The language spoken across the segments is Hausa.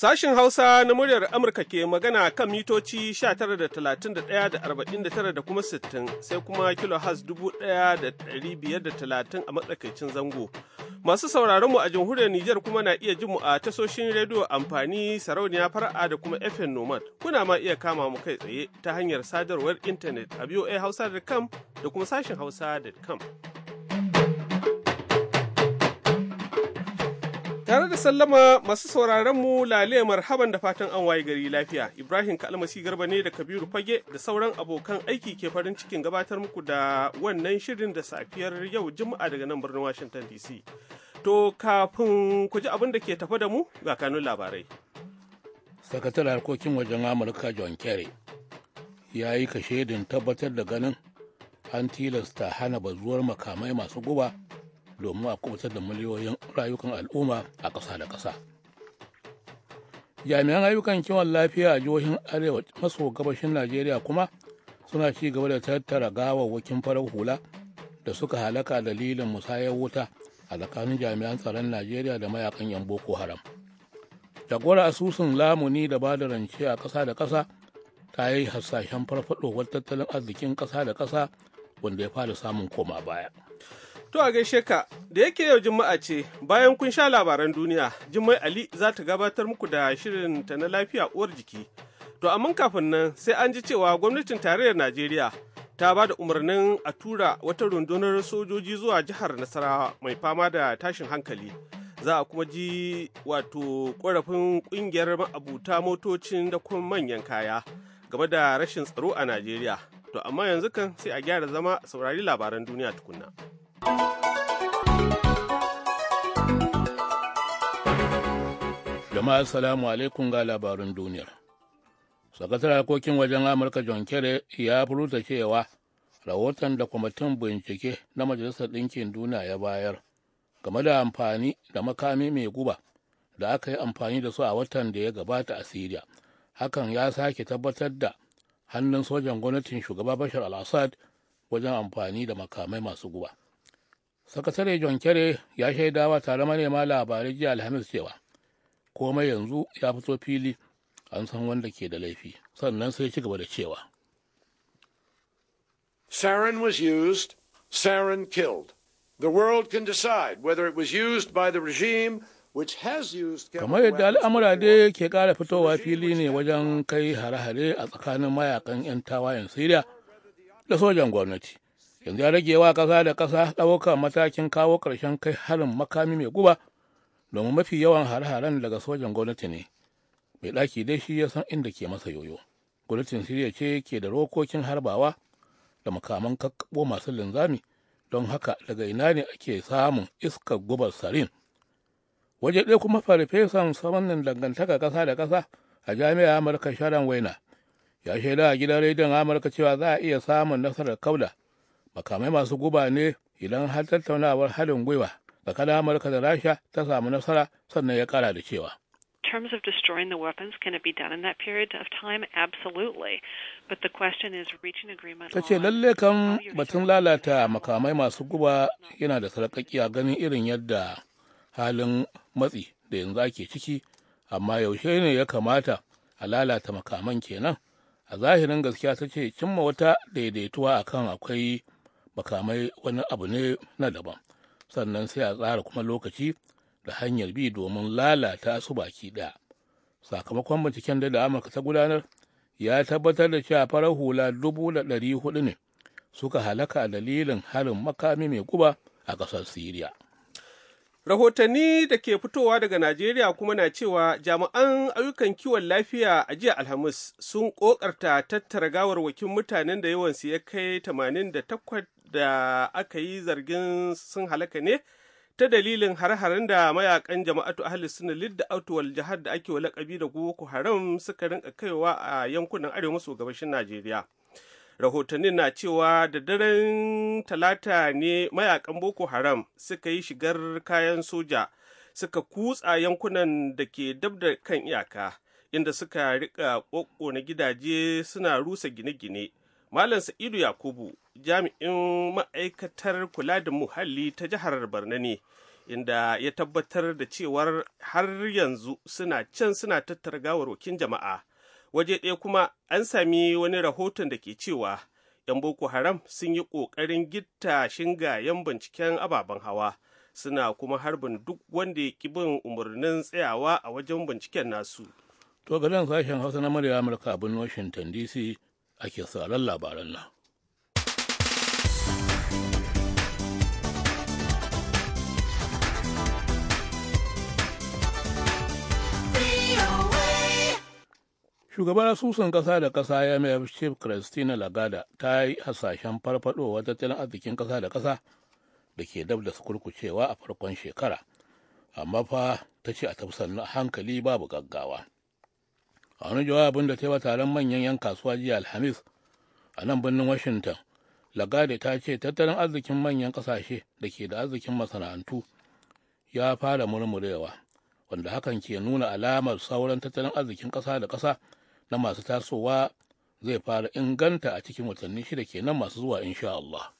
Sashin Hausa na muryar Amurka ke magana kan mitoci 19,31,49 da kuma 60 sai kuma 1,530 a matsakaicin zango. Masu sauraron mu a jamhuriyar Nijar kuma na iya jin mu a tasoshin rediyo amfani sarauniya fara'a da kuma FM Nomad. Kuna ma iya kama mu kai tsaye ta hanyar sadarwar intanet a voahausa.com da kuma sashin hausa.com. Tare da sallama masu sauraron mu lale marhaban da fatan an waye gari lafiya. Ibrahim Kalmasi Garba ne da Kabiru Fage da sauran abokan aiki ke farin cikin gabatar muku da wannan shirin da safiyar yau Juma'a daga nan birnin Washington DC. To kafin ku ji abin da ke tafa da mu ga kanun labarai. Sakataren harkokin wajen Amurka John Kerry ya yi kashedin tabbatar da ganin an tilasta hana bazuwar makamai masu guba domin a kubutar da miliyoyin rayukan al'umma a ƙasa da ƙasa jami'an ayyukan kiwon lafiya a jihohin arewa maso gabashin najeriya kuma suna ci gaba da tattara gawawwakin farar hula da suka halaka dalilin musayar wuta a tsakanin jami'an tsaron najeriya da mayakan yan boko haram jagora asusun lamuni da ba da rance a ƙasa da ƙasa ta yi hasashen farfaɗowar tattalin arzikin ƙasa da ƙasa wanda ya fara samun koma baya To a gaishe ka, da yake yau Juma'a ce, bayan kun sha labaran duniya, Jummai Ali za ta gabatar muku da shirin ta na lafiya uwar jiki. To amma kafin nan sai an ji cewa gwamnatin tarayyar Najeriya ta ba da umarnin a tura wata rundunar sojoji zuwa jihar Nasarawa mai fama da tashin hankali. Za a kuma ji wato ƙorafin ƙungiyar ma'abuta motocin da kuma manyan kaya game da rashin tsaro a Najeriya. To amma yanzu kan sai a gyara zama saurari labaran duniya tukunna. jama'a salamu alaikum ga labarin duniya sakatar harkokin wajen amurka john kerry ya furuta cewa rahoton da kwamitin bincike na majalisar ɗinkin duniya ya bayar game da amfani da makami mai guba da aka yi amfani da su a watan da ya gabata a syria hakan ya sake tabbatar da hannun sojan gwamnatin shugaba bashar al-assad wajen amfani da makamai masu guba sakatare john kere ya shaidawa tare manema labarai jiya alhamis cewa komai yanzu ya fito fili an san wanda ke da laifi sannan sai ci gaba da cewa sarin was used sarin killed the world can decide whether it was used by the regime kamar yadda al'amura dai ke ƙara fitowa fili ne wajen kai hare-hare a tsakanin mayakan 'yan tawayen siriya da sojan gwamnati yanzu ya rage wa ƙasa da ƙasa ɗaukar matakin kawo ƙarshen kai harin makami mai guba domin mafi yawan har haren daga sojan gwamnati ne mai ɗaki dai shi ya san inda ke masa yoyo gwamnatin siriya ce ke da rokokin harbawa da makaman kakkaɓo masu linzami don haka daga ina ne ake samun iskar gubar sarin waje ɗaya kuma farfesan samanin dangantaka ƙasa da ƙasa a jami'ar amurka sharon waina ya shaida a gidan rediyon amurka cewa za a iya samun nasarar kaula makamai masu guba ne idan har tattaunawar haɗin gwiwa tsakanin amurka da rasha ta samu nasara sannan ya kara da cewa terms of destroying be done in that of time? Absolutely. But is reaching agreement. Ta ce lalle kan batun lalata makamai masu guba yana da sarƙaƙiya ganin irin yadda halin matsi da yanzu ake ciki, amma yaushe ne ya kamata a lalata makaman kenan? A zahirin gaskiya ta ce cimma wata daidaituwa akan akwai makamai wani abu ne na daban sannan sai a tsara kuma lokaci da hanyar bi domin lalata su baki ɗaya sakamakon binciken da amurka ta gudanar ya tabbatar da cewa farar hula dubu da ɗari hudu ne suka halaka dalilin harin makami mai guba a ƙasar siriya Rahotanni da ke fitowa daga Najeriya kuma na cewa jami'an ayyukan kiwon lafiya a jiya Alhamis sun ƙoƙarta tattara gawarwakin mutanen da yawansu ya kai 88 da aka yi zargin sun halaka ne ta dalilin har-haren da mayakan jama'atu ahli suna lidda autuwal jihar da ake wa lakabi da Boko Haram suka rinka kaiwa a yankunan arewa maso gabashin Najeriya. rahotannin na cewa da daren talata ne mayakan boko haram suka yi shigar kayan soja suka kutsa yankunan da ke dab da kan iyaka inda suka rika na gidaje suna rusa gine-gine malam sa'idu yakubu jami'in ma'aikatar kula da muhalli ta jihar barna ne inda ya tabbatar da cewar har yanzu suna can suna tattara gawarwakin jama'a waje ɗaya kuma an sami wani rahoton da ke cewa 'yan boko haram sun yi ƙoƙarin gitta 'yan binciken ababen hawa suna kuma harbin duk wanda ya ki bin umarnin tsayawa a wajen binciken nasu to ga sashen hausa na murya amurka abin washington dc ake sauran labaran nan shugabar asusun ƙasa da kasa ya mai chief christina lagada ta yi hasashen farfadowa tattalin arzikin ƙasa da kasa da ke dab da kurkucewa a farkon shekara amma fa ta ce a tafsan hankali babu gaggawa a wani jawabin da ta yi wa taron manyan 'yan kasuwa jiya alhamis a nan birnin washington lagade ta ce tattalin arzikin manyan ƙasashe da ke da arzikin masana'antu ya fara murmurewa wanda hakan ke nuna alamar sauran tattalin arzikin ƙasa da ƙasa na masu tasowa zai fara inganta a cikin watanni shida kenan masu zuwa insha Allah.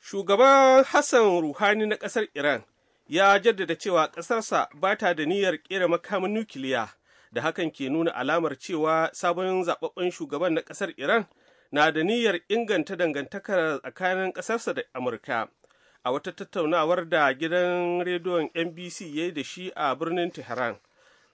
Shugaban Hassan Ruhani na ƙasar Iran ya jaddada cewa ƙasarsa ba ta da niyyar ƙera makamin nukiliya da hakan ke nuna alamar cewa sabon zaɓaɓɓen shugaban na ƙasar Iran na da niyyar inganta dangantakar tsakanin ƙasarsa da Amurka. A wata tattaunawar da gidan rediyon NBC ya yi da shi a birnin Tehran,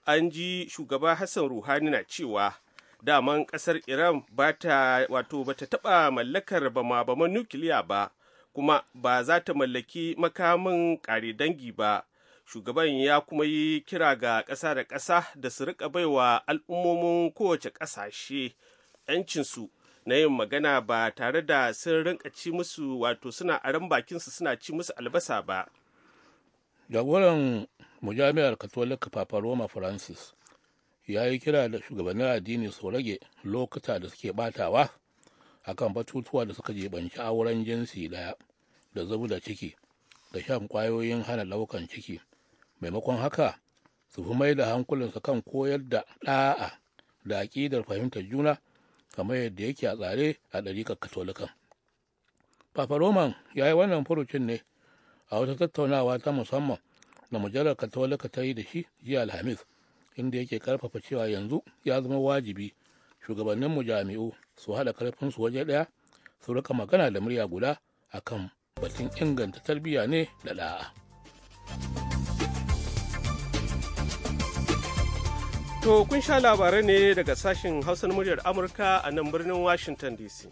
an ji shugaba Hassan Ruhani na cewa daman kasar iran ba ta wato ba ta taba mallakar bama baman nukiliya ba kuma ba za ta mallaki makamin kare dangi ba shugaban ya kuma yi kira ga ƙasa da ƙasa da su rika baiwa al'ummomin kowace ƙasashe su na yin magana ba tare da sun rinka ci musu wato suna aran bakinsu suna ci musu albasa ba jagoran mujami'ar katolika papa roma francis ya yi kira da shugabannin addini su rage lokuta da suke batawa akan batutuwa da suka jibanci auren jinsi daya da zubu da ciki da shan kwayoyin hana laukan ciki maimakon haka su fi mai da hankulinsu kan koyar da ɗa'a da aƙidar fahimtar juna kamar yadda yake a tsare a ɗarikar katolikan papa roman ya yi wannan furucin ne a wata tattaunawa ta musamman da mujallar katolika ta yi da shi jiya alhamis inda yake karfafa cewa yanzu ya zama wajibi shugabanninmu jami'u su haɗa karfinsu waje ɗaya su rika magana da murya guda akan batun inganta tarbiyya ne da ɗa'a. To kun sha labarai ne daga sashen Hausa muryar Amurka a nan birnin Washington DC.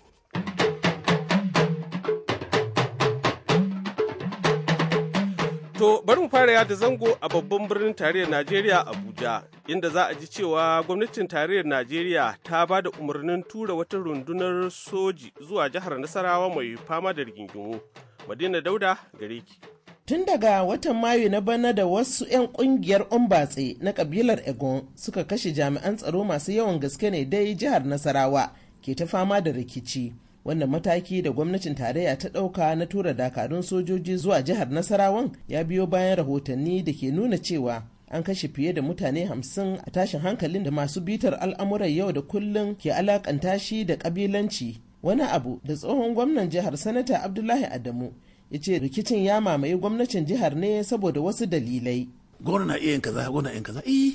To bari mu fara yada zango a babban birnin tarayyar Najeriya Abuja, inda za a ji cewa gwamnatin tarayyar Najeriya ta ba da umarnin tura wata rundunar soji zuwa jihar Nasarawa mai fama da rigingimu. Madina Dauda gare ki. Tun daga watan Mayu na bana da wasu 'yan kungiyar Umbatse na kabilar Egon suka kashe jami'an tsaro masu yawan gaske ne dai jihar Nasarawa ke ta fama da rikici. wannan mataki da gwamnatin tarayya ta ɗauka na tura dakarun sojoji zuwa jihar nasarawan ya biyo bayan rahotanni da ke nuna cewa an kashe fiye da mutane hamsin a tashin hankalin da masu bitar al'amuran yau da kullum ke alakanta shi da kabilanci wani abu da tsohon gwamnan jihar sanata abdullahi adamu ya ce rikicin ya mamaye gwamnatin jihar ne saboda wasu dalilai gwamna iya yin kaza gwamna yin kaza eh,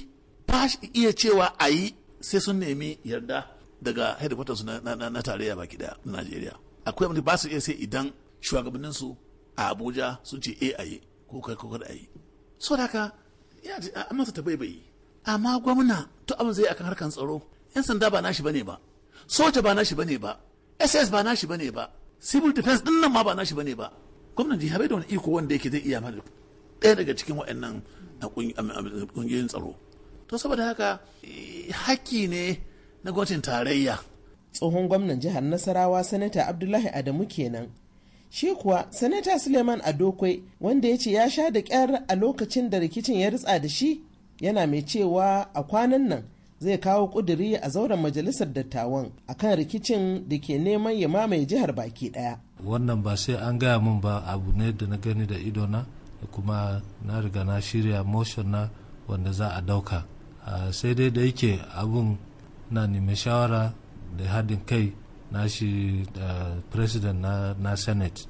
iya cewa a yi sai sun nemi yarda daga headquarters na, na, tarayya baki daya na Najeriya akwai wanda ba su iya sai idan shugabannin su a Abuja sun ce eh ayi ko kai ko kada ayi so haka ya ji amma ta baibayi amma gwamna to abin zai akan harkan tsaro yan sanda ba nashi bane ba soja ba nashi bane ba SS ba nashi bane ba civil defense din nan ma ba nashi bane ba gwamnan jiha bai da wani iko wanda yake zai iya mana ɗaya daga cikin waɗannan kungiyoyin tsaro to saboda haka eh, haƙƙi ne na gwajin tarayya tsohon gwamnan jihar nasarawa sanata abdullahi adamu kenan shi kuwa sanata suleiman Adokwe wanda ya ce ya sha da kyar a lokacin da rikicin ya ritsa da shi yana mai cewa a kwanan nan zai kawo kuduri a zauren majalisar dattawan akan rikicin da ke neman ya mamaye jihar baki ɗaya. wannan ba sai an gaya min ba abu ne da na gani da idona da kuma na riga na shirya motion na wanda za a ɗauka ah, sai dai da yake abun na nemi shawara da haɗin kai na shi da president na, senate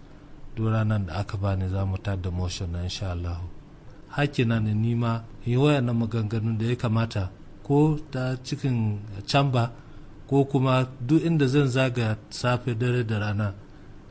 duk ranar da aka bani za mu tada motion na insha Allah hakina ne nima yi waya na maganganu da ya kamata ko ta cikin camba ko kuma duk inda zan zaga safe dare da rana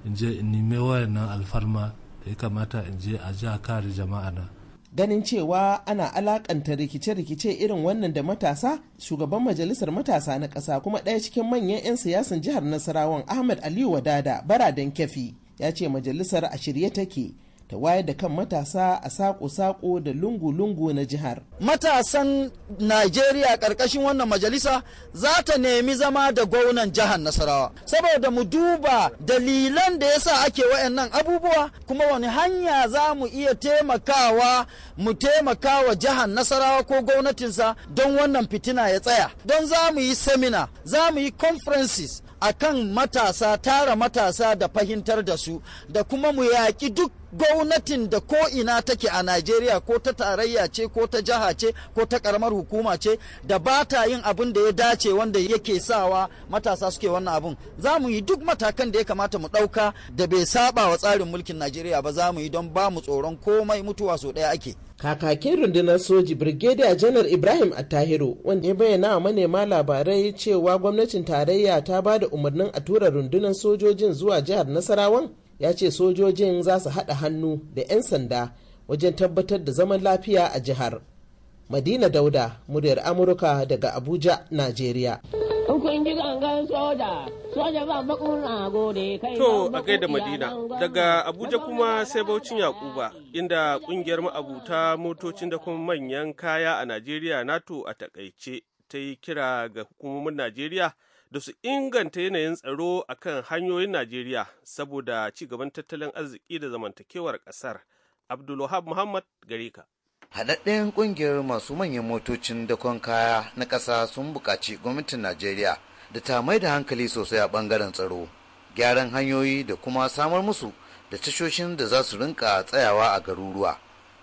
in je in waya na alfarma da ya kamata in je a ji a kare jama'a na ganin cewa ana alakanta rikice-rikice irin wannan da matasa shugaban majalisar matasa na ƙasa kuma ɗaya cikin manyan 'yan siyasan jihar nasarawan ahmad aliyu wadada bara baradan kyafi, ya ce majalisar a shirye take ta wayar da kan matasa a sako-sako da lungu-lungu na jihar. Matasan Najeriya ƙarƙashin wannan majalisa za ta nemi zama da gwamnan jihar Nasarawa. Saboda mu duba dalilan da yasa ake wayannan abubuwa kuma wani hanya za mu iya taimakawa mu taimakawa jihar Nasarawa ko gwamnatinsa don wannan fitina ya tsaya. Don za mu yi semina, za mu yi conferences, akan matasa tara matasa da fahimtar da su da kuma mu yaƙi duk gwamnatin da ko ina take a Najeriya ko ta tarayya ce ko ta jiha ce ko ta karamar hukuma ce da ba ta yin abin da ya dace wanda yake sawa matasa suke wannan abin za mu yi duk matakan da ya kamata mu ɗauka da bai saba wa tsarin mulkin Najeriya ba za mu yi don ba mu tsoron komai mutuwa so ɗaya ake. kakakin rundunar soji brigadier janar ibrahim attahiru wanda ya bayyana wa manema labarai cewa gwamnatin tarayya ta ba da umarnin a tura rundunar sojojin zuwa jihar nasarawan ya ce sojojin za su haɗa hannu da 'yan sanda wajen tabbatar da zaman lafiya a jihar madina dauda muryar amurka daga abuja najeriya kun ji To a gaida Madina, daga Abuja kuma sai Baucin Yakuba, inda kungiyar ma'abuta motocin da kuma manyan kaya a Najeriya NATO a takaice ta yi kira ga hukumomin Najeriya da su inganta yanayin tsaro a kan hanyoyin Najeriya saboda ci gaban tattalin arziki da zamantakewar ƙasar. Abdulwahab Muhammad Garika. haɗaɗɗen ƙungiyar masu manyan motocin dakon kaya na ƙasa sun buƙaci gwamnatin najeriya da ta mai da hankali sosai a ɓangaren tsaro gyaran hanyoyi da kuma samar musu da tashoshin da za su rinka tsayawa a garuruwa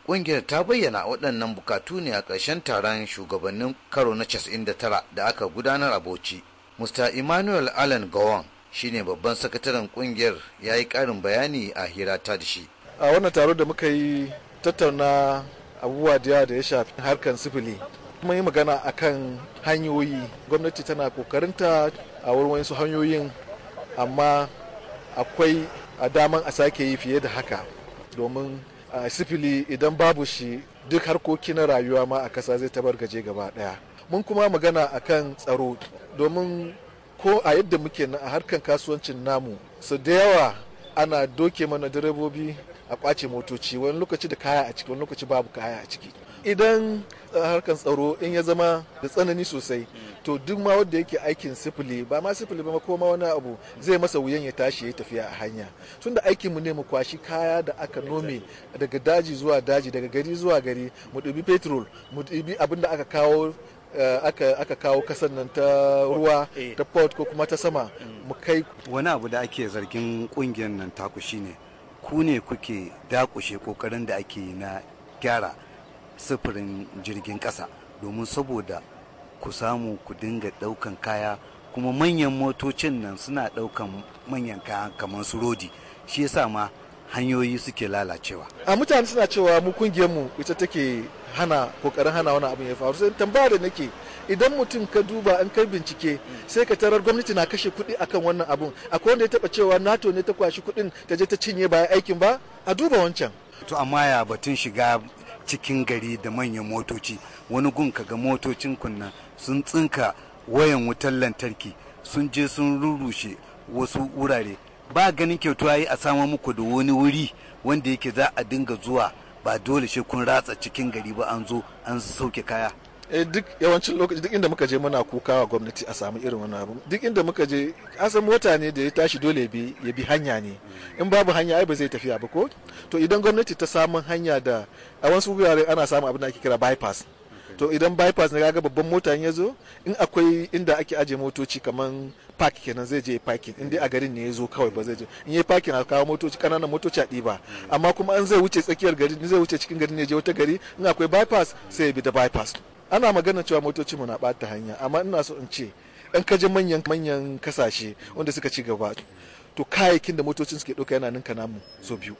ƙungiyar ta bayyana waɗannan bukatu ne a ƙarshen taron shugabannin karo na 99 da aka gudanar a bauchi mr emmanuel allen gowon shine babban sakataren ƙungiyar ya yi ƙarin bayani a hirata da shi a wannan taron da muka yi tattauna abubuwa da yawa da ya shafi harkar sifili kuma yi magana a kan hanyoyi gwamnati tana kokarinta a wurin su hanyoyin amma akwai a daman a sake yi fiye da haka domin sifili idan babu shi duk harkoki na rayuwa ma a kasa zai gaje gaba daya mun kuma magana a kan tsaro domin ko a yadda muke na a harkan kasuwancin namu su da yawa ana doke mana direbobi a kwace motoci wani lokaci da kaya a ciki wani lokaci babu kaya a ciki idan eh, harkar tsaro in ya zama da tsanani sosai to duk ma wanda yake aikin sifili ba ma sifili ba ko ma wani abu zai masa wuyan ya tashi ya tafiya a hanya tunda aikinmu ne mu kwashi kaya da aka nome daga daji zuwa daji daga gari zuwa gari mu dubi petrol mu dubi abin da aka kawo eh, aka, kawo kasan nan ta ruwa eh. ta port ko kuma ta sama mu kai wani abu da ake zargin kungiyar nan taku shine ku ne kuke dakushe kokarin da ake na gyara sufurin jirgin ƙasa domin saboda ku samu ku dinga ɗaukan kaya kuma manyan motocin nan suna ɗaukan manyan kaya kamar su rodi shi yasa ma hanyoyi suke lalacewa a mutane suna cewa mu kungiyarmu ita take hana kokarin hana wani abin ya faru sai tambaya da nake idan mutum ka duba an kai bincike sai ka tarar gwamnati na kashe kuɗi akan wannan abun akwai wanda ya taba cewa nato ne ta kwashi kuɗin ta je ta cinye baya aikin ba a duba wancan to amma ya batun shiga cikin gari da manyan motoci wani gun ka ga motocin kunna sun tsinka wayan wutar lantarki sun je sun rurushe wasu wurare ba ganin kyautu yi a samu muku da wani wuri wanda yake za a dinga zuwa ba dole shi kun ratsa cikin gari ba an zo an sauke kaya eh duk yawancin lokaci duk inda muka je muna kuka wa gwamnati a samu irin wannan abu duk inda muka je an mota ne da ya tashi dole ya bi hanya ne in babu hanya ai ba zai tafiya ba ko to idan gwamnati ta samu hanya da a wasu wurare ana samun abin da ake kira bypass to idan bypass ne kaga babban mota ya zo in akwai inda ake aje motoci kaman park kenan zai je parking in dai a garin ne ya zo kawai ba zai je in yi parking a kawo motoci kananan motoci a ɗiba hmm. amma kuma an zai wuce tsakiyar gari zai wuce cikin garin ne je wata gari in akwai bypass sai ya bi da bypass ana magana cewa motoci mu na bata hanya amma ina so in ce in ka je manyan manyan kasashe wanda suka ci gaba to kayayyakin da motocin suke ɗauka yana ninka namu so biyu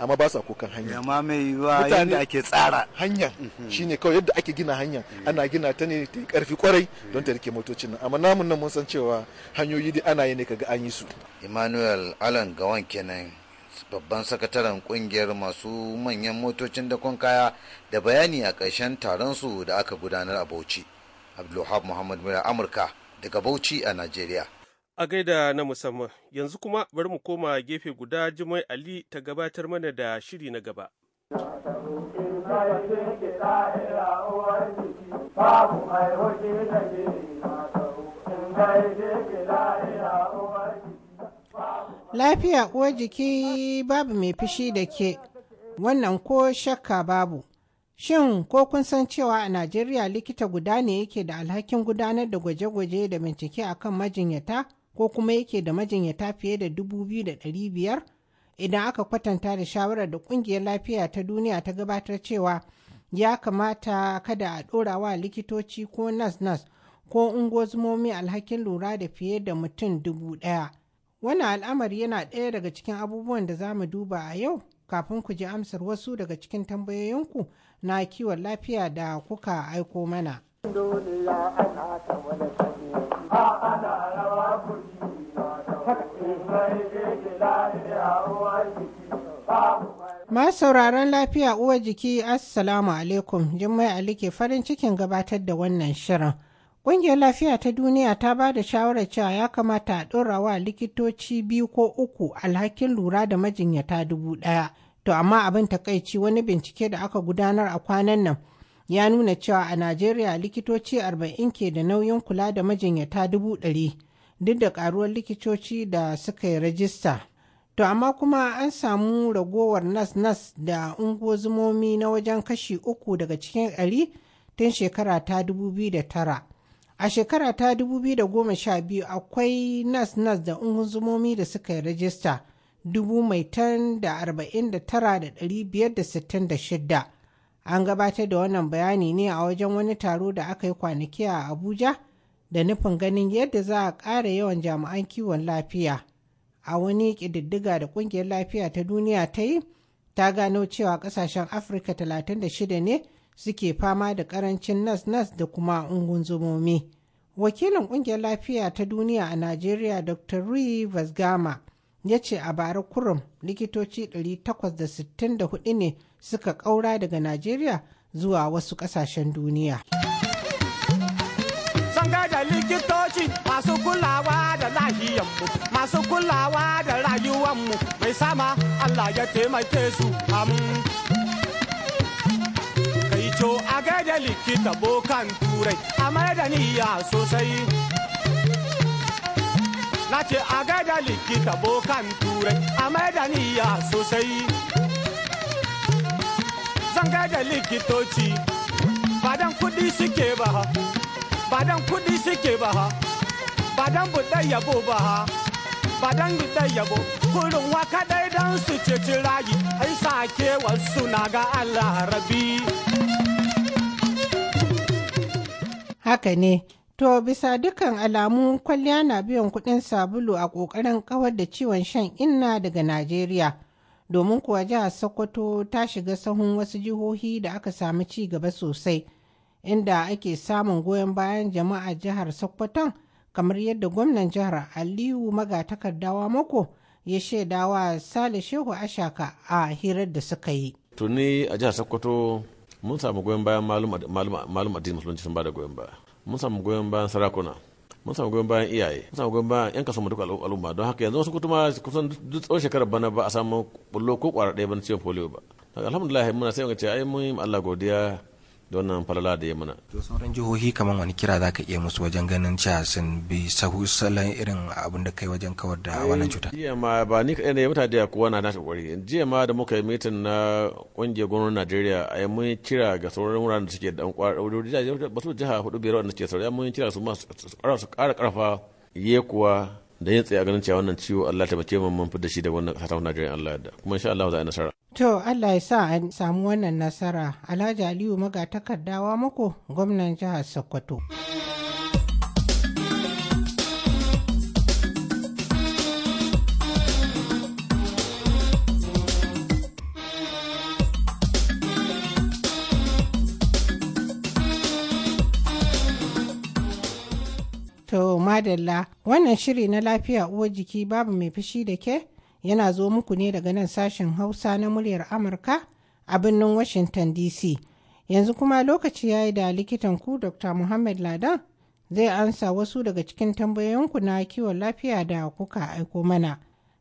amma ba sa kukan hanya amma mai yiwa yadda ake tsara hanya mm-hmm. shine kawai yadda ake gina hanya mm-hmm. ana gina ta ne ta karfi kwarai mm-hmm. don ta rike motocin nan amma namun nan mun san cewa hanyoyi da ana yi ne kaga an yi su Emmanuel Alan Gawan kenan babban sakataren kungiyar masu manyan motocin da kaya da bayani a ƙarshen taron su da aka gudanar a Bauchi Abdulhab Muhammad Mura Amurka daga Bauchi a Najeriya A gaida na musamman, yanzu kuma bari mu koma gefe guda jimai, Ali ta gabatar mana da shiri na gaba. Lafiya uwar jiki babu mai fushi da ke, wannan ko shakka babu. Shin ko kun san cewa a Najeriya likita guda ne yake da alhakin gudanar da gwaje-gwaje da bincike akan majinyata? ko kuma yake da majinyata fiye da dubu biyu da ɗari biyar idan aka kwatanta da shawarar da ƙungiyar lafiya ta duniya ta gabatar cewa ya kamata kada a ɗora wa likitoci ko nas-nas ko ungozumomi alhakin lura da fiye da mutum dubu ɗaya. Wannan al'amari yana ɗaya daga cikin abubuwan da za mu duba a yau kafin ku ji amsar wasu daga cikin tambayoyinku na kiwon lafiya da kuka aiko mana. masu sauraron lafiya uwa jiki Assalamu alaikum Jummai Ali ke farin cikin gabatar da wannan shirin. Ƙungiyar lafiya ta duniya ta ba da shawarar cewa ya kamata a ɗora wa likitoci biyu ko uku alhakin lura da majinyata dubu ɗaya. To amma abin takaici wani bincike da aka gudanar a kwanan nan ya nuna cewa a Najeriya likitoci arba'in ke da nauyin kula da majinyata dubu ɗari duk da ƙaruwar likitoci da suka yi rajista. To amma kuma an samu ragowar nas-nas da ungozumomi na wajen kashi uku daga cikin ɗari tun shekara ta 2009. A shekara ta 2012 akwai nas-nas da ungozumomi da suka yi rajista shidda. An gabatar da wannan bayani ne a wajen wani taro da aka yi kwanaki a Abuja da nufin ganin yadda za a ƙara yawan jami'an kiwon lafiya. a wani ƙididdiga da ƙungiyar lafiya ta duniya ta yi ta gano cewa ƙasashen afirka 36 ne suke fama da ƙarancin nas-nas da kuma zumomi wakilin ƙungiyar lafiya ta duniya a najeriya dr rui vasgama ya ce a bara kurum likitoci 864 ne suka ƙaura daga najeriya zuwa wasu ƙasashen duniya. mu masu kulawa da rayuwar mu mai sama Allah ya taimake su amin kai co a gaida likita bokan turai a mai da niyya sosai na ce a gaida likita bokan turai a mai da niyya sosai zan gaida likitoci ba dan kudi suke ba ba dan kudi suke ba ba dan buɗe yabo ba ha ba dan buɗe yabo kurin waka dai dan su ceci rayi ai sake wasu na ga Allah rabi haka ne To bisa dukan alamu kwalliya na biyan kuɗin sabulu a ƙoƙarin kawar da ciwon shan inna daga Najeriya. Domin kuwa jihar Sokoto ta shiga sahun wasu jihohi da aka samu ci gaba sosai, inda ake samun goyon bayan jama'a jihar Sokoton kamar yadda gwamnan jihar aliyu takardawa mako ya shaidawa sale shehu ashaka a hirar da suka yi tuni a jihar sokoto mun samu goyon bayan malum addinin musulunci sun bada goyon baya mun samu goyon bayan sarakuna mun samu goyon bayan iyaye mun samu goyon bayan yan kasuwa duka al'umma don haka yanzu wasu kutuma kusan duk tsawon shekarar bana ba a samu bullo ko kwara ɗaya ban ciwon polio ba alhamdulillah muna sai ga ce ai mun yi Allah godiya don nan falala da ya muna. To sauran jihohi kamar wani kira za ka iya musu wajen ganin cewa sun bi sahu salon irin abin da kai wajen kawar da eh, wannan cuta. Jiya ma ba ni kaɗai ne mutane da kowa na nashi ƙwari. Jiya ma da muka yi mitin na ƙungiyar gwamnatin Najeriya a yi mun kira ga sauran wuraren da suke da ƙwarar ba su jiha hudu biyar wanda suke sauran mun kira su su ƙara ƙarfa ye kuwa da yin tsaye a ganin cewa wannan ciwo Allah ta bace mun mun fi da shi da wannan ƙasa ta Najeriya Allah ya da kuma insha Allah za a yi nasara. To Allah ya sa an samu wannan nasara Alhaji Aliyu magatakardawa mako gwamnan jihar Sokoto. To madalla wannan shiri na lafiya uwar jiki babu mai fushi da ke? yana zo muku ne daga nan sashen Hausa na muryar Amurka a birnin Washington DC. Yanzu kuma lokaci ya yi da likitan ku Dr. Muhammad Ladan zai ansa wasu daga cikin tambayoyinku na kiwon lafiya da kuka aiko mana.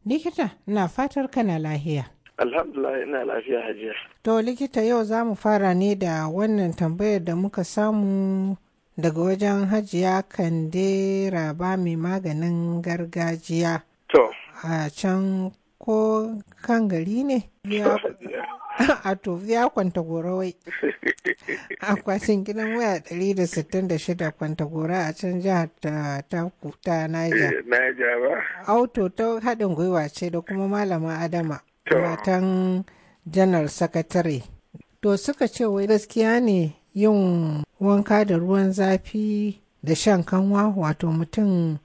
Likita, na fatar kana lahiya. Alhamdulillah ina lafiya hajiya. To likita yau za mu fara ne da wannan tambayar da muka samu daga wajen hajiya Kande ba mai maganin gargajiya. To. a can ko kan gari ne a to ya kwanta gora wai akwatin gidan waya 166 kwanta gora a can jihar ta kuta naija eh, naija ba auto ta haɗin gwiwa ce da kuma malama adama matan janar sakatare to suka ce wai gaskiya ne yin wanka da ruwan zafi da shan kanwa wato mutum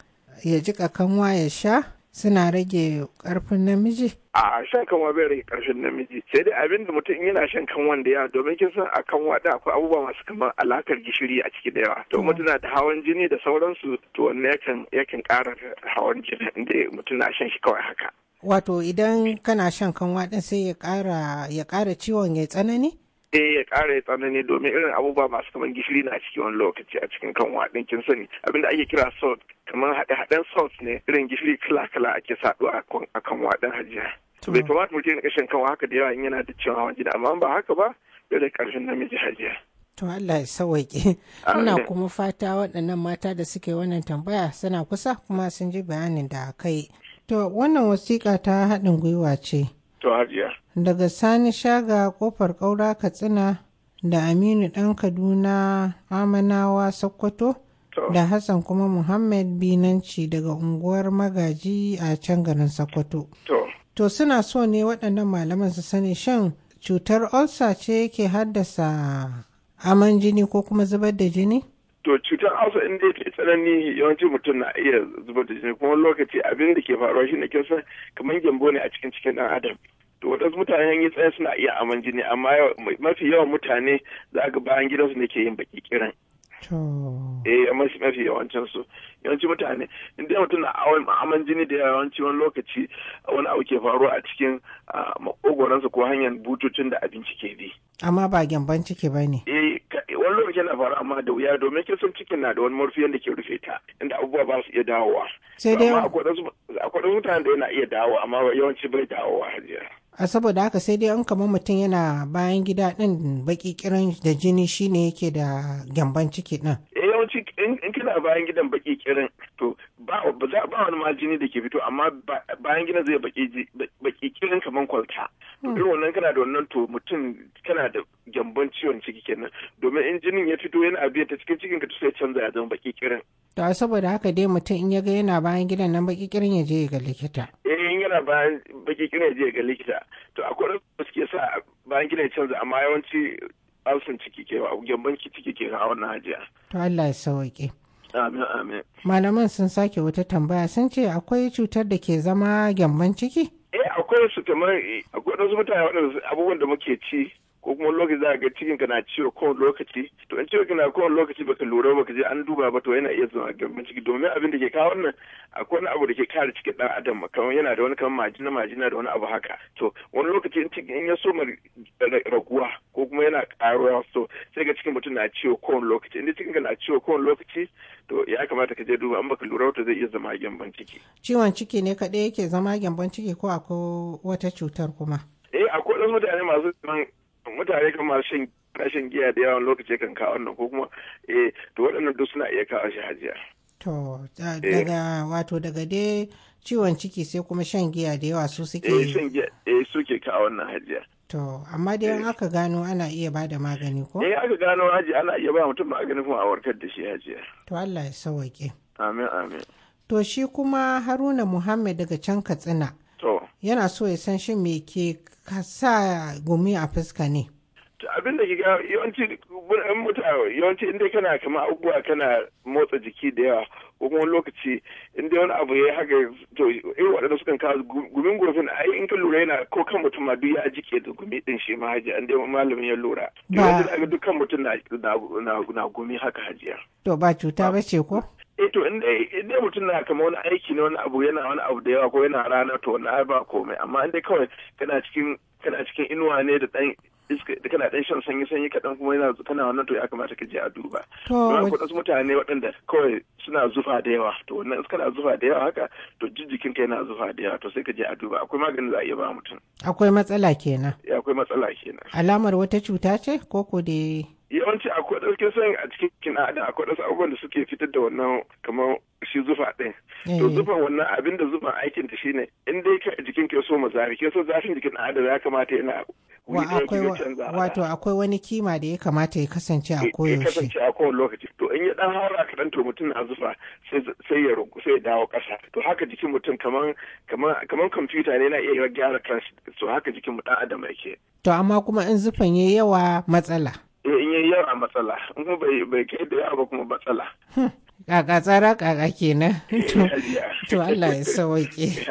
ya jika kanwa ya sha suna rage karfin namiji? A shan kanwa bai rage karfin namiji, sai dai abin da mutum yana shan kan da ya, domin kin san a kan wada akwai abubuwa masu kamar alakar gishiri a ciki da yawa. To mm. mutum da hawan jini da sauransu to wannan yakan yakan ƙara hawan jini inda mutum na shan shi kawai haka. Wato idan kana shan kanwa ɗin, sai ya ƙara ya ƙara ciwon ya tsanani? eh ya kara ya tsanani domin irin abubuwa masu kamar gishiri na cikin wani lokaci a cikin kanwa ɗin kin sani abinda ake kira salt kamar haɗe-haɗen salt ne irin gishiri kala-kala ake saɗuwa a kanwa ɗin hajiya. bai kamata mutum ya kashin kanwa haka da yawa in yana da cewa wani amma ba haka ba dole karshen namiji hajiya. To Allah ya sawaƙe. Ina kuma fata waɗannan mata da suke wannan tambaya suna kusa kuma sun ji bayanin da kai. To wannan wasiƙa ta haɗin gwiwa ce. To hajiyar. Daga Sani Shaga kofar ƙaura Katsina da Aminu ɗan Kaduna Amanawa Sokoto da Hassan kuma Muhammad Binanci daga unguwar Magaji a can garin Sokoto. To suna so ne waɗannan malaman su sani shan cutar olsa ce yake haddasa aman jini ko kuma zubar da jini? to cutar hausa in dai ta tsanani yawanci mutum na iya zubar da jini kuma lokaci abin da ke faruwa shi kin san kamar gyambo ne a cikin cikin dan adam to wadansu mutane yi tsaye suna iya aman jini amma mafi yawan mutane za ga bayan gidansu ne ke yin baki kiran eh amma shi mafi yawancin su yawanci mutane inda mutum na aman jini da yawanci wani lokaci wani abu ke faruwa a cikin ah, makogoransa ko hanyar bututun da abinci ke bi amma ba gyamban ciki ba ne eh wani yana faru amma da wuya domin kin san cikin na da wani murfi da ke rufe ta inda abubuwa ba su iya dawowa sai dai akwai wasu mutanen da yana iya dawowa amma yawanci bai dawowa hajiya a saboda haka sai dai an kama mutum yana bayan gida din baki kiran da jini shine yake da gyamban ciki din eh, yawanci in kina bayan gidan baki kiran to ba wani ma jini da ke fito amma bayan gidan zai baki kiran kaman kwalta to hmm. wannan kana da wannan to mutum kana da gyamban ciwon ciki kenan domin in jinin ya fito yana biya ta cikin cikin ka sai canza ya zama baki kiran to saboda haka dai mutum in ya ga yana bayan gidan nan baki kiran ya je ga likita yana bayan baki kina je ga likita to akwai da suke sa bayan kina canza amma yawanci alsun ciki ke gyamban ciki ke a wannan hajiya to Allah ya sauke amin amin malaman sun sake wata tambaya sun ce akwai cutar da ke zama gyamban ciki eh akwai su kamar akwai wasu mutane waɗanda abubuwan da muke ci ko kuma lokaci za ga cikin ka na ciwo kowane lokaci to in ciwo kina kowane lokaci baka lura baka je an duba ba to yana iya a gaban ciki domin abin da ke kawo wannan akwai wani abu da ke kare cikin dan adam kamar yana da wani kamar majina majina da wani abu haka to wani lokaci in cikin ya so raguwa ko kuma yana karuwa so sai ga cikin mutum na ciwo kowane lokaci inda cikin ka na ciwo kowane lokaci to ya kamata ka je duba an baka lura to zai iya zama gaban ciki ciwon ciki ne kaɗai yake zama gaban ciki ko akwai wata cutar kuma eh akwai wasu mutane masu mutane kan shin shan rashin giya da yawan lokaci kan kawo wannan ko kuma eh to waɗannan duk suna iya kawo shi hajiya to eh. daga wato daga dai ciwon ciki sai kuma shan giya da yawa su suke eh shan giya eh suke kawo wannan hajiya to amma dai an eh. aka gano ana iya ba da magani ko eh aka gano haji ana iya ba mutum magani kuma a warkar da shi hajiya to Allah ya sauke amin amin to shi kuma Haruna Muhammad daga can Katsina to yana so ya san shin me ke ka sa gumi a fuska ne abin da ga yawanci in mutane yawanci inda kana kama abubuwa kana motsa jiki da yawa ko kuma lokaci inda wani abu ya haka to irin waɗanda sukan kawo gumin gurfin ai in ka lura yana ko kan mutum ma duk ya jike da gumi din shi ma hajiya inda malamin ya lura yawanci dukkan mutum na gumi haka hajiya to ba cuta ba ce ko eh to in dai mutum na kama wani aiki na wani abu yana wani abu da yawa ko yana rana to wani ba komai amma in dai kawai kana cikin kana cikin inuwa ne da dan da kana dan shan sanyi sanyi kaɗan kuma yana kana wannan to ya kamata ka je a duba to ko mutane waɗanda kawai suna zufa da yawa to wannan kana zufa da yawa haka to jijjikin ka yana zufa da yawa to sai ka je a duba akwai maganin za a iya ba mutum akwai matsala kenan eh, akwai matsala kenan alamar wata cuta ce ko ko dai yawanci akwai ɗauke sanyin a cikin kinada akwai ɗansu abubuwan da suke fitar da wannan kamar shi zufa ɗin to eh. zufa wannan abin da zufa aikin da shine in dai ka jikin ke so mu zafi. ke so zafin jikin ada ya kamata yana wato akwai wani kima da ya kamata ya kasance a eh, koyaushe ya kasance a kowane lokaci to in ya dan haura kaɗan to mutum na zufa sai ya roƙo sai ya dawo ƙasa to haka jikin mutum kaman kaman kwamfuta ne yana iya gyara kanshi to haka jikin mutum adam yake to amma kuma in zufan ya yawa matsala Eh, in yi yawa matsala in kuma bai kai da yawa ba kuma matsala hmm. kaka tsara kaka kenan eh, to Allah ya sauke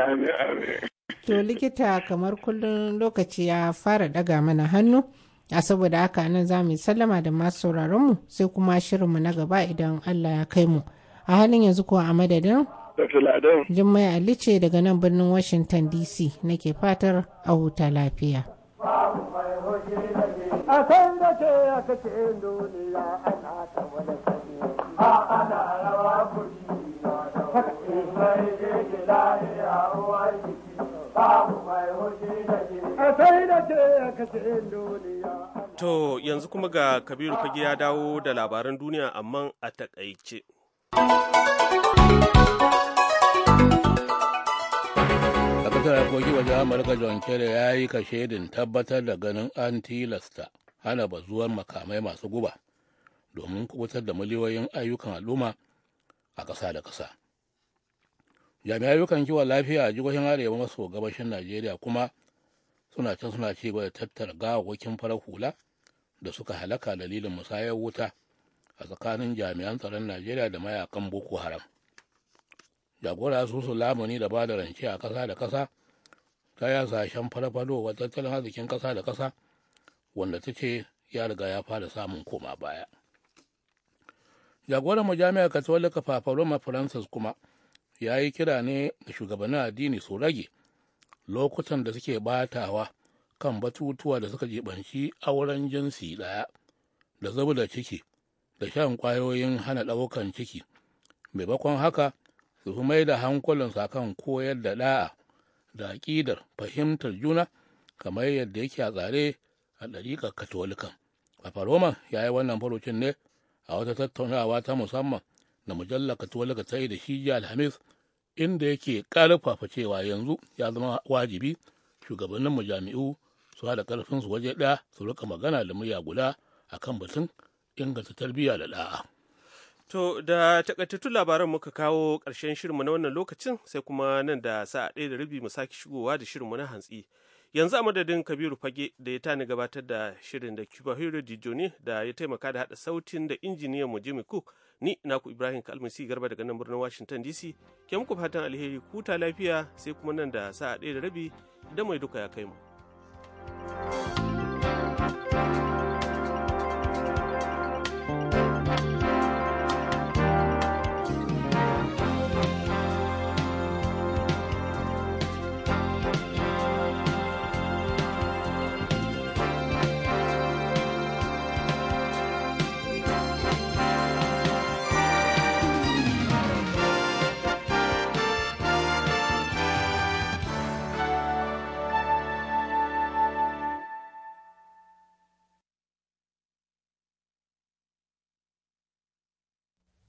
to likita kamar kullum lokaci ya fara daga mana hannu a saboda haka nan za mu sallama da masu sauraron mu sai kuma mu na gaba idan Allah ya kai mu a halin yanzu kuwa a madadin Jummai alice ce daga nan birnin Washington DC nake fatar a huta lafiya. a kan da ke aka kake duniya ana ta wani kare a ana rawa kuri na da wani mai ke lahiya uwar jiki babu mai hoji da ke a kai da ke aka kake duniya To yanzu kuma ga Kabiru Fage ya dawo da labaran duniya amma a takaice. ministan harkokin waje amurka john kerry ya yi kashedin tabbatar da ganin an tilasta hana bazuwar makamai masu guba domin kubutar da miliyoyin ayyukan al'umma a ƙasa da ƙasa jami'an ayyukan kiwon lafiya a jihohin arewa maso gabashin najeriya kuma suna can suna ci gaba da tattara gawawwakin farar hula da suka halaka dalilin musayar wuta a tsakanin jami'an tsaron najeriya da mayakan boko haram jagora su su lamuni da ba da rance a ƙasa da ƙasa ta ya zashen wa tattalin arzikin ƙasa da ƙasa wanda ta ce ya riga ya fara samun koma baya jagoran majami'ar katolika papa roma francis kuma ya yi kira ne da shugabannin addini su rage lokutan da suke batawa kan batutuwa da suka jibanci auren jinsi ɗaya da da ciki da shan kwayoyin hana ɗaukan ciki maimakon haka su fi mai da a kan koyar da ɗa'a da aƙidar fahimtar juna kamar yadda yake a tsare a ɗariƙar katolika. papa ya yi wannan farocin ne a wata tattaunawa ta musamman da mujallar katolika ta yi da shi jiya alhamis inda yake ƙarfafa cewa yanzu ya zama wajibi shugabannin majami'u su haɗa ƙarfinsu waje ɗaya su rika magana da murya guda kan batun inganta tarbiyya da ɗa'a. To da takaitattun labaran muka kawo ƙarshen shirinmu na wannan lokacin sai kuma nan da sa'a ɗaya da rabi mu sake shigowa da shirinmu na hantsi. Yanzu a madadin Kabiru Fage da ya tani gabatar da shirin da Cuba Hero Dijoni da ya taimaka da haɗa sautin da injiniyan mu Jimmy Cook ni naku Ibrahim kalmisi Garba daga nan birnin Washington DC ke muku fatan alheri kuta lafiya sai kuma nan da sa'a ɗaya da rabi idan mai duka ya kai mu. thank you